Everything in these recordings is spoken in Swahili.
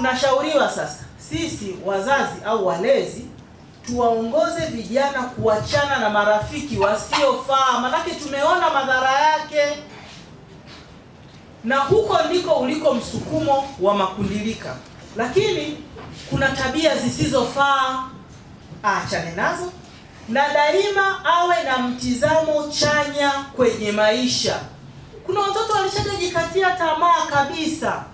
Tunashauriwa sasa sisi wazazi au walezi tuwaongoze vijana kuachana na marafiki wasiofaa, manake tumeona madhara yake, na huko ndiko uliko msukumo wa makundilika. Lakini kuna tabia zisizofaa aachane nazo, na daima awe na mtizamo chanya kwenye maisha. Kuna watoto walishajikatia tamaa kabisa.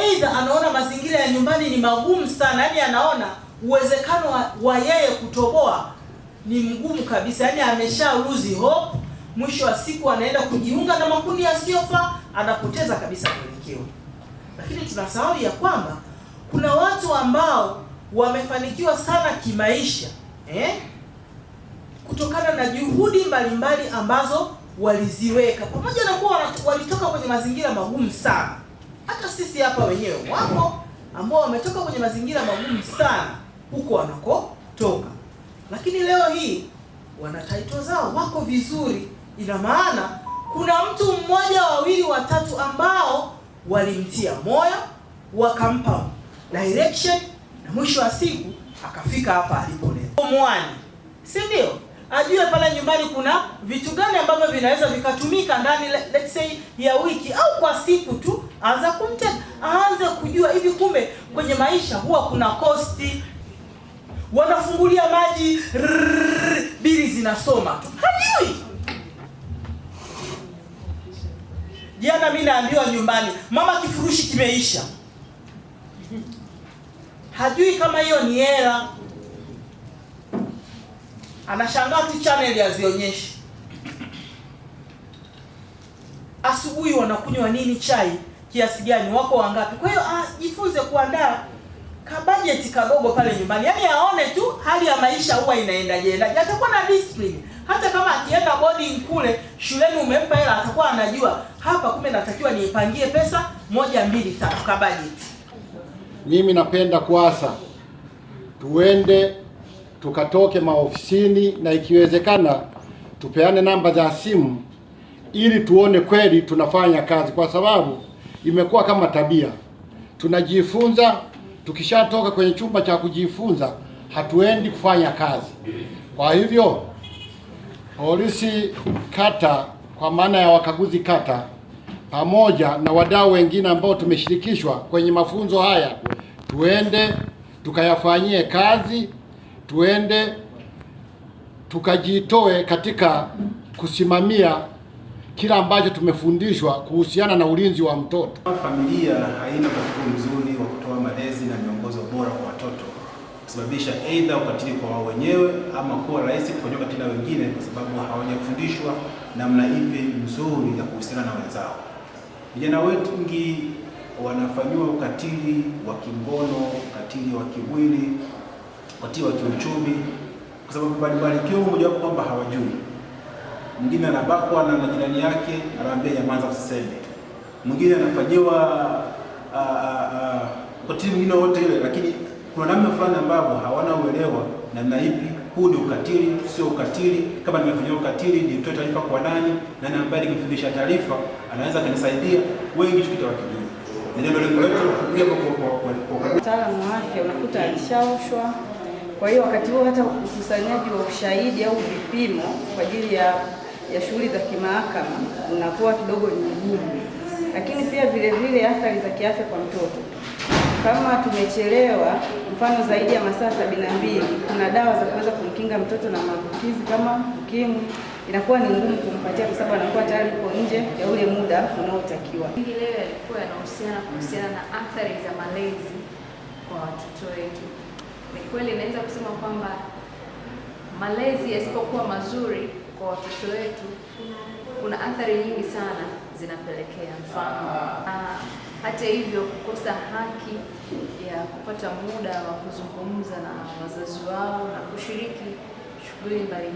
Aidha anaona mazingira ya nyumbani ni magumu sana, yaani anaona uwezekano wa, wa yeye kutoboa ni mgumu kabisa, yaani amesha lose hope. Mwisho wa siku anaenda kujiunga na makundi yasiyofaa, anapoteza kabisa mwelekeo. Lakini tunasahau ya kwamba kuna watu ambao wamefanikiwa sana kimaisha eh, kutokana na juhudi mbalimbali ambazo waliziweka pamoja na kuwa walitoka kwenye mazingira magumu sana hata sisi hapa wenyewe wapo ambao wametoka kwenye mazingira magumu sana huko wanakotoka, lakini leo hii wana title zao, wako vizuri. Ina maana kuna mtu mmoja, wawili, watatu ambao walimtia moyo, wakampa direction na mwisho wa siku akafika hapa alipo leo. Mwani, si ndio? Ajue pale nyumbani kuna vitu gani ambavyo vinaweza vikatumika ndani let's say ya wiki au kwa siku tu anza kumtenda, aanze kujua hivi, kumbe kwenye maisha huwa kuna kosti. Wanafungulia maji rrr, bili zinasoma tu, hajui. Jana mi naambiwa nyumbani, mama, kifurushi kimeisha. Hajui kama hiyo ni hela, anashangaa tu chaneli hazionyeshi. Asubuhi wanakunywa nini? Chai kiasi gani, wako wangapi. Kwa hiyo ajifunze ah, kuandaa ka budget kadogo pale nyumbani, yaani aone tu hali ya maisha huwa inaendaje na atakuwa na discipline. Hata kama akienda boarding kule shuleni umempa hela, atakuwa anajua hapa, kumbe natakiwa niipangie pesa moja mbili tatu, ka budget. Mimi napenda kuasa tuende tukatoke maofisini na ikiwezekana tupeane namba za simu ili tuone kweli tunafanya kazi, kwa sababu imekuwa kama tabia, tunajifunza. Tukishatoka kwenye chumba cha kujifunza, hatuendi kufanya kazi. Kwa hivyo polisi kata, kwa maana ya wakaguzi kata, pamoja na wadau wengine ambao tumeshirikishwa kwenye mafunzo haya, tuende tukayafanyie kazi, tuende tukajitoe katika kusimamia kila ambacho tumefundishwa kuhusiana na ulinzi wa mtoto. Familia haina mfumo mzuri wa kutoa malezi na miongozo bora kwa watoto, kusababisha aidha ukatili kwa wao wenyewe ama kuwa rahisi kufanywa ukatili na wengine, kwa sababu hawajafundishwa namna ipi mzuri ya kuhusiana na wenzao. Vijana wengi wanafanyiwa ukatili wa kingono, ukatili wa kimwili, ukatili wa kiuchumi kwa sababu mbalimbali, ikiwa mojawapo kwamba hawajui mwingine anabakwa na majirani yake anaambia nyamaza, usiseme. Mwingine anafanyiwa ukatili mwingine wote ile, lakini kuna namna fulani ambavyo hawana uelewa namna ipi huu ni ukatili, sio ukatili. Kama nimefanyiwa ukatili, nitoe taarifa kwa nani? Na nani ambaye nikifikisha taarifa anaweza akanisaidia Wengi tukitawakijua ndio lengo letu kwa mtaalamu wa afya, unakuta alishaoshwa. Kwa hiyo wakati huo hata ukusanyaji wa ushahidi au vipimo kwa ajili ya ya shughuli za kimahakama unakuwa kidogo ni ngumu, lakini pia vile vile athari za kiafya kwa mtoto kama tumechelewa, mfano zaidi ya masaa sabini na mbili, kuna dawa za kuweza kumkinga mtoto na maambukizi kama UKIMWI, inakuwa ni ngumu kumpatia kwa sababu anakuwa tayari yuko nje ya ule muda unaotakiwa. Mengi leo yalikuwa yanahusiana kuhusiana na athari za malezi kwa watoto wetu. Ni kweli naweza kusema kwamba malezi yasipokuwa mazuri kwa watoto wetu kuna athari nyingi sana zinapelekea. Mfano, ah. Ah, hata hivyo kukosa haki ya kupata muda wa kuzungumza na wazazi wao na kushiriki shughuli mbalimbali